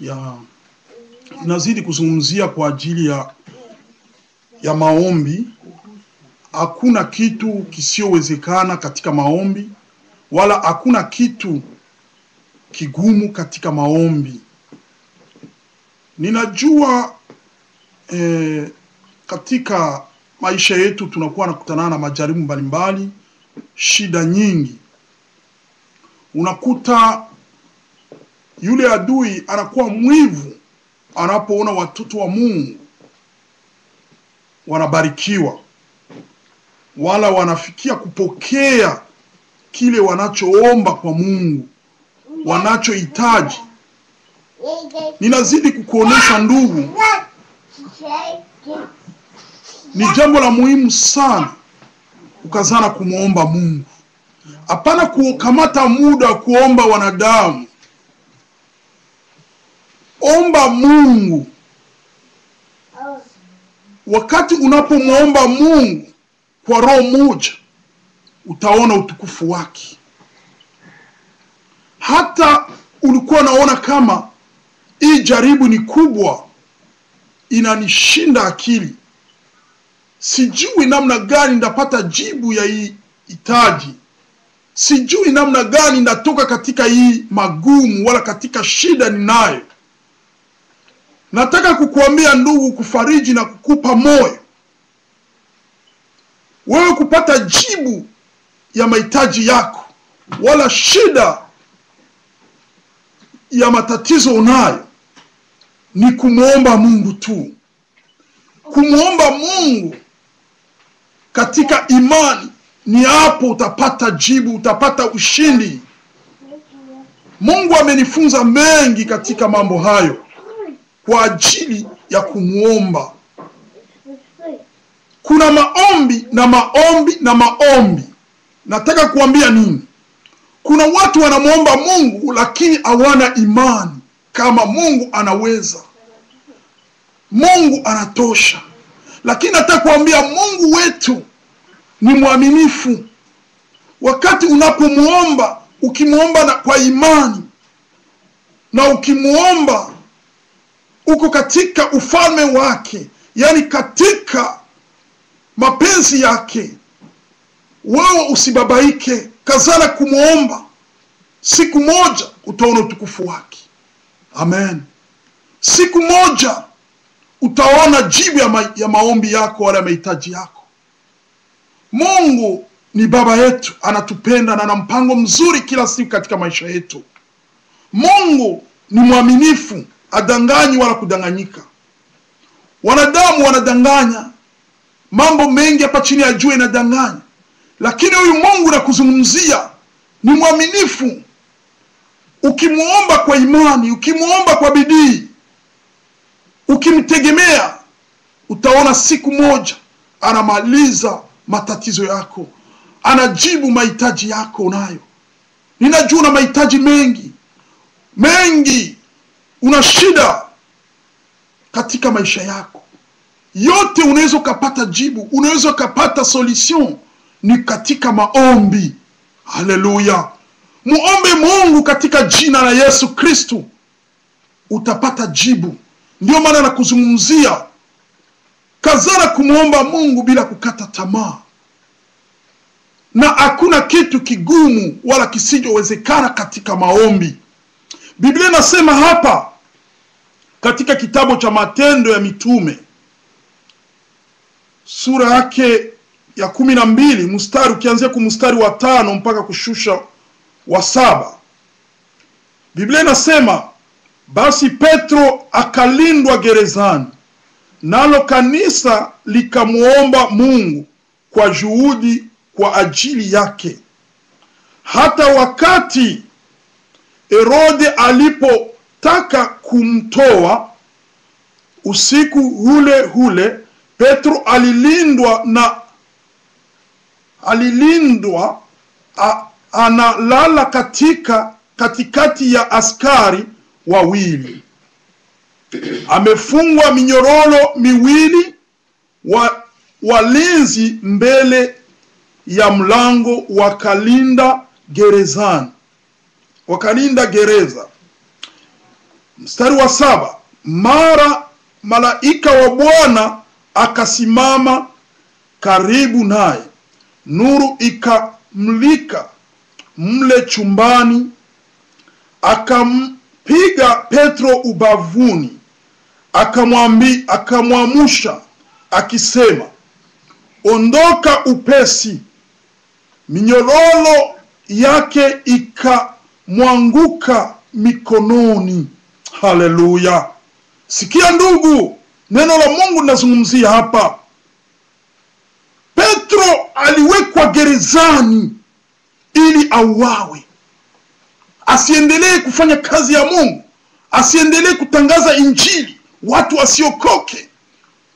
ya inazidi kuzungumzia kwa ajili ya, ya maombi. Hakuna kitu kisiyowezekana katika maombi, wala hakuna kitu kigumu katika maombi. Ninajua e, katika maisha yetu tunakuwa nakutana na majaribu mbalimbali, shida nyingi. Unakuta yule adui anakuwa mwivu anapoona watoto wa Mungu wanabarikiwa, wala wanafikia kupokea kile wanachoomba kwa Mungu, wanachohitaji. Ninazidi kukuonesha ndugu, ni jambo la muhimu sana ukazana kumwomba Mungu, hapana kukamata muda wa kuomba wanadamu unapomwomba Mungu, wakati unapomwomba Mungu kwa roho moja, utaona utukufu wake. Hata ulikuwa unaona kama hii jaribu ni kubwa, inanishinda akili, sijui namna gani ndapata jibu ya hii hitaji sijui namna gani ndatoka katika hii magumu wala katika shida ninayo. Nataka kukuambia ndugu, kufariji na kukupa moyo wewe kupata jibu ya mahitaji yako, wala shida ya matatizo unayo ni kumwomba Mungu tu, kumwomba Mungu katika imani. Ni hapo utapata jibu, utapata ushindi. Mungu amenifunza mengi katika mambo hayo kwa ajili ya kumwomba. Kuna maombi na maombi na maombi. Nataka kuambia nini? Kuna watu wanamwomba Mungu lakini hawana imani kama Mungu anaweza. Mungu anatosha, lakini nataka kuambia Mungu wetu ni mwaminifu. Wakati unapomwomba, ukimwomba kwa imani na ukimwomba uko katika ufalme wake, yaani katika mapenzi yake. Wewe usibabaike, kazana kumwomba, siku moja utaona utukufu wake. Amen. Siku moja utaona jibu ya, ma ya maombi yako wala ya mahitaji yako. Mungu ni baba yetu, anatupenda na ana mpango mzuri kila siku katika maisha yetu. Mungu ni mwaminifu adanganyi wala kudanganyika. Wanadamu wanadanganya mambo mengi hapa chini ya jua, inadanganya, lakini huyu Mungu nakuzungumzia ni mwaminifu. Ukimwomba kwa imani, ukimwomba kwa bidii, ukimtegemea, utaona siku moja anamaliza matatizo yako, anajibu mahitaji yako unayo. Ninajua na mahitaji mengi mengi una shida katika maisha yako yote, unaweza ukapata jibu, unaweza ukapata solution ni katika maombi. Haleluya, muombe Mungu katika jina la Yesu Kristu, utapata jibu. Ndiyo maana nakuzungumzia, kazana kumwomba Mungu bila kukata tamaa, na hakuna kitu kigumu wala kisijowezekana katika maombi. Biblia inasema hapa katika kitabu cha Matendo ya Mitume sura yake ya kumi na mbili mstari ukianzia ku mstari wa tano mpaka kushusha wa saba Biblia inasema basi Petro akalindwa gerezani, nalo kanisa likamwomba Mungu kwa juhudi kwa ajili yake. Hata wakati Herode alipotaka kumtoa usiku hule hule Petro alilindwa na alilindwa a, analala katika katikati ya askari wawili amefungwa minyororo miwili wa, walinzi mbele ya mlango wakalinda gerezani wakalinda gereza. Mstari wa saba, mara malaika wa Bwana akasimama karibu naye, nuru ikamlika mle chumbani, akampiga Petro ubavuni, akamwamusha akisema, ondoka upesi. minyololo yake ika mwanguka mikononi. Haleluya! Sikia ndugu, neno la Mungu linazungumzia hapa. Petro aliwekwa gerezani ili auawe, asiendelee kufanya kazi ya Mungu, asiendelee kutangaza Injili, watu wasiokoke.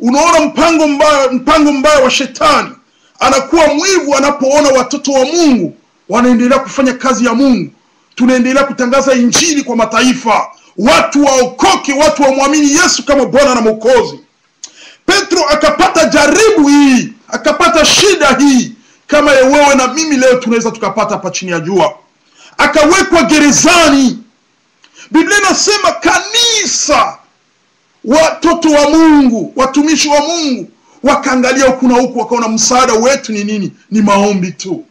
Unaona mpango mbaya, mpango mbaya wa Shetani. Anakuwa mwivu anapoona watoto wa Mungu wanaendelea kufanya kazi ya Mungu, tunaendelea kutangaza injili kwa mataifa, watu waokoke, watu wamwamini Yesu kama Bwana na Mwokozi. Petro akapata jaribu hii, akapata shida hii kama yewewe na mimi leo tunaweza tukapata hapa chini ya jua. Akawekwa gerezani. Biblia inasema kanisa, watoto wa Mungu, watumishi wa Mungu wakaangalia huku na huku, wakaona msaada wetu ni nini? Ni maombi tu.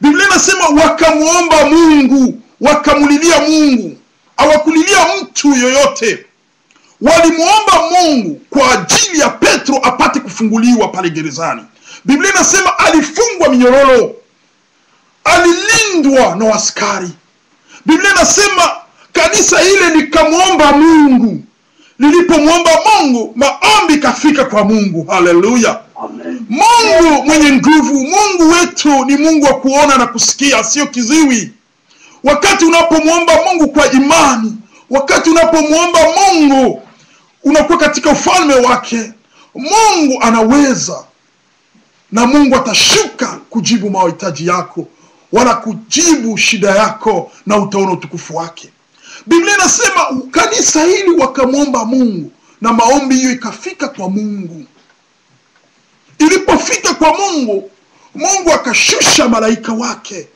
Biblia inasema wakamwomba Mungu wakamlilia mungu hawakulilia mtu yoyote walimwomba mungu kwa ajili ya petro apate kufunguliwa pale gerezani biblia inasema alifungwa minyororo alilindwa na askari biblia inasema kanisa ile likamwomba mungu lilipomwomba mungu maombi kafika kwa mungu haleluya mungu mwenye nguvu mungu wetu ni mungu wa kuona na kusikia sio kiziwi wakati unapomwomba mungu kwa imani wakati unapomwomba mungu unakuwa katika ufalme wake mungu anaweza na mungu atashuka kujibu mahitaji yako wala kujibu shida yako na utaona utukufu wake biblia inasema kanisa hili wakamwomba mungu na maombi hiyo ikafika kwa mungu ilipofika kwa mungu mungu akashusha malaika wake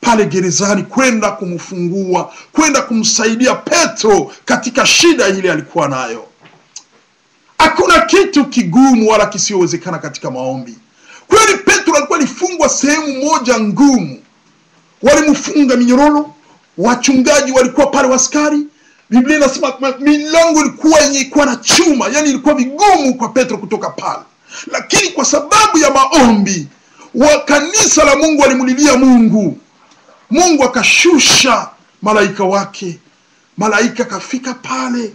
pale gerezani kwenda kumfungua, kwenda kumsaidia Petro katika shida ile alikuwa nayo. Hakuna kitu kigumu wala kisiyowezekana katika maombi. Kweli Petro alikuwa alifungwa sehemu moja ngumu, walimfunga minyororo, wachungaji walikuwa pale, waskari. Biblia inasema milango ilikuwa yenye ikuwa na chuma, yani ilikuwa vigumu kwa Petro kutoka pale, lakini kwa sababu ya maombi wa kanisa la Mungu walimlilia Mungu mungu akashusha malaika wake malaika akafika pale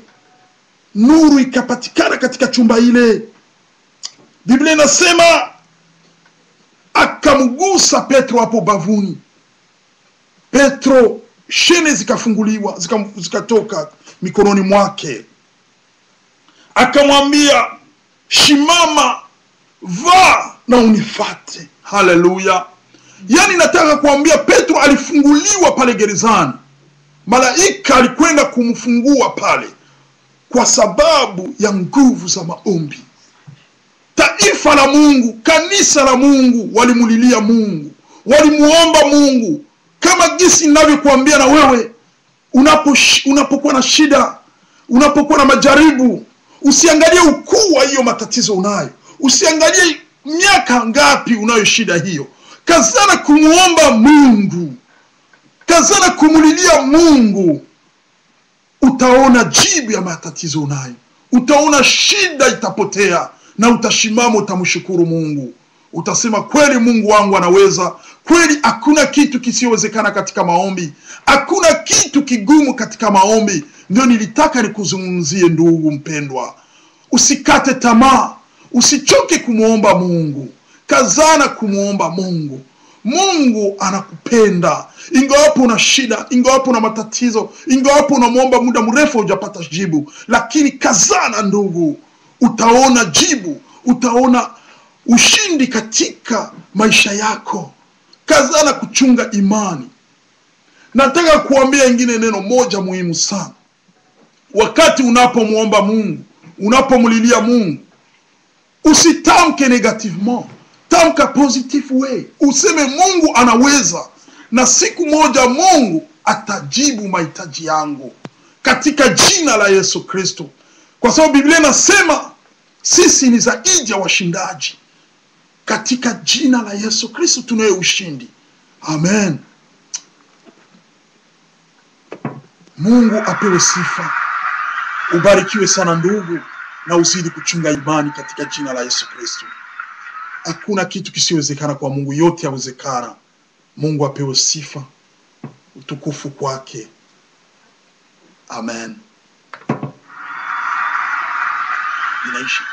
nuru ikapatikana katika chumba ile biblia inasema akamgusa petro hapo bavuni petro shene zikafunguliwa zikatoka zika mikononi mwake akamwambia shimama vaa na unifate haleluya yani nataka kuambia petro alifunguliwa pale gerezani malaika alikwenda kumfungua pale kwa sababu ya nguvu za maombi taifa la mungu kanisa la mungu walimulilia mungu walimuomba mungu kama jinsi ninavyokuambia na wewe unapo unapokuwa na shida unapokuwa na majaribu usiangalie ukuu wa hiyo matatizo unayo usiangalie miaka ngapi unayo shida hiyo kazana kumwomba mungu kazana kumulilia mungu utaona jibu ya matatizo unayo utaona shida itapotea na utashimama utamshukuru mungu utasema kweli mungu wangu anaweza kweli hakuna kitu kisiyowezekana katika maombi hakuna kitu kigumu katika maombi ndio nilitaka nikuzungumzie ndugu mpendwa usikate tamaa usichoke kumwomba mungu kazana kumwomba Mungu. Mungu anakupenda ingawapo una shida, ingawapo una matatizo, ingawapo unamwomba muda mrefu hujapata jibu, lakini kazana ndugu, utaona jibu, utaona ushindi katika maisha yako. Kazana kuchunga imani. Nataka kuambia ingine neno moja muhimu sana. Wakati unapomwomba Mungu, unapomlilia Mungu, usitamke negativement tamka positive way, useme Mungu anaweza, na siku moja Mungu atajibu mahitaji yangu katika jina la Yesu Kristo, kwa sababu Biblia inasema sisi ni zaidi ya washindaji katika jina la Yesu Kristo tunaye ushindi. Amen. Mungu apewe sifa. Ubarikiwe sana ndugu, na uzidi kuchunga imani katika jina la Yesu Kristo hakuna kitu kisiwezekana kwa Mungu, yote yawezekana. Mungu apewe sifa, utukufu kwake. Amen. Ninaishi